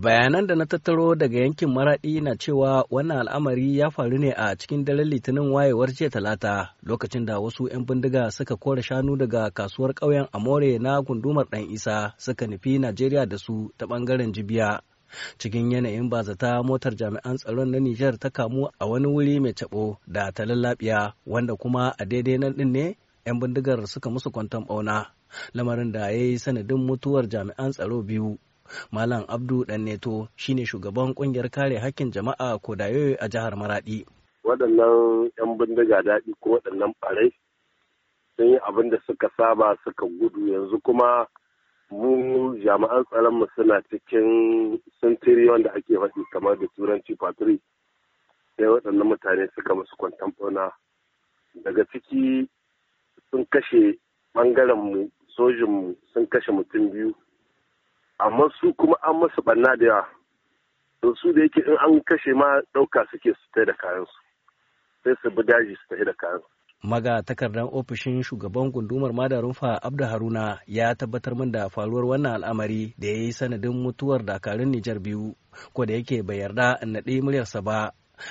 bayanan da na tattaro daga yankin maraɗi na cewa wannan al'amari ya faru ne a cikin daren litinin wayewar jiya talata lokacin da wasu 'yan bindiga suka kore shanu daga kasuwar ƙauyen amore na gundumar ɗan isa suka nufi najeriya da su ta ɓangaren jibiya cikin yanayin bazata motar jami'an tsaron na nijar ta kamu a wani wuri mai cabo da ta lallabiya wanda kuma a daidai nan ɗin ne 'yan bindigar suka musu kwanton ɓauna lamarin da ya yi sanadin mutuwar jami'an tsaro biyu Malam Abdu Danneto shine shugaban kungiyar kare hakkin jama'a ko Kodayoyo a jihar Maradi. Waɗannan 'yan bindiga daɗi ko waɗannan ɓarai sun yi abin da suka saba suka gudu yanzu kuma mu jami'an tsaronmu suna cikin sintiri wanda ake faɗi kamar da turanci patri sai waɗannan mutane suka musu kwantan daga ciki sun kashe ɓangarenmu sojinmu sun kashe mutum biyu amma su kuma an masa banna da yawa to su da yake in an kashe ma ɗauka suke su tai da kayansu sai su bi daji su tai da su. maga takardar ofishin shugaban gundumar madarunfa abda haruna ya tabbatar min da faruwar wannan al'amari da ya yi sanadin mutuwar dakarun nijar biyu ko da yake bai yarda in naɗi muryarsa ba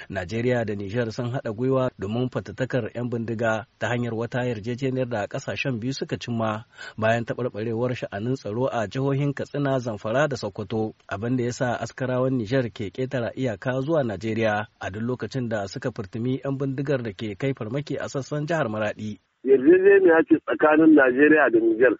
Najeriya da Nijar sun haɗa gwiwa domin fatattakar 'yan bindiga ta hanyar wata yarjejeniyar da ƙasashen biyu suka cimma bayan taɓarɓarewar sha'anin tsaro a jihohin Katsina, Zamfara da Sokoto, abin da ya sa askarawan Nijar ke ƙetara iyaka zuwa Najeriya a duk lokacin da suka furtumi 'yan bindigar da ke kai farmaki a sassan jihar Maraɗi. Yarjejeniya ce tsakanin Najeriya da Nijar.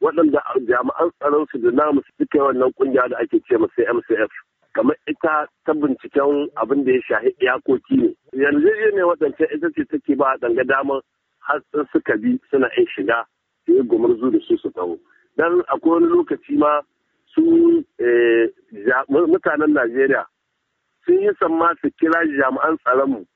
waɗanda jami'an tsaron su da namu suka yi wannan kungiya da ake ce masa MCF. kamar ita ta binciken abin da ya shahi iyakoki ne yanzu ne waɗancan ita ce take ba danga dama har suka bi suna yin shiga su yi gumurzu da su su taho. dan akwai wani lokaci ma su eh, mutanen najeriya sun yi sama su kira jami'an tsaronmu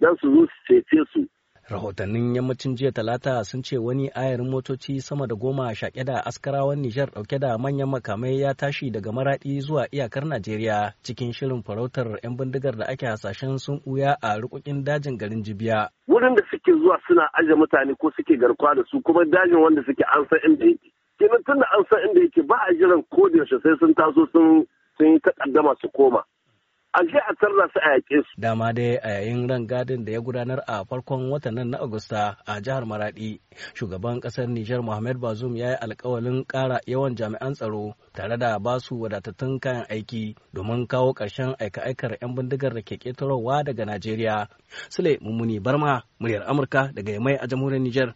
don su zo su cece su rahotannin yammacin jiya talata sun ce wani ayarin motoci sama da goma shaƙe da askarawan nijar ɗauke da manyan makamai ya tashi daga maraɗi zuwa iyakar najeriya cikin shirin farautar 'yan bindigar da ake hasashen sun ɓuya a rukukin dajin garin jibiya wurin da suke zuwa suna aje mutane ko suke garkuwa da su kuma dajin wanda suke an san inda yake kenan tunda an san inda yake ba a jiran ko da sai sun taso sun sun yi takaddama su koma a je a tarra su a yaƙe su. Dama dai a yayin rangadin da ya gudanar a farkon watan nan na Agusta a jihar Maradi, shugaban ƙasar Nijar Mohamed Bazoum ya yi alkawalin ƙara yawan jami'an tsaro tare da ba su wadatattun kayan aiki domin kawo ƙarshen aika-aikar 'yan bindigar da ke ƙetarowa daga Najeriya. Sule Mummuni Barma, muryar Amurka daga Yamai a jamhuriyar Nijar.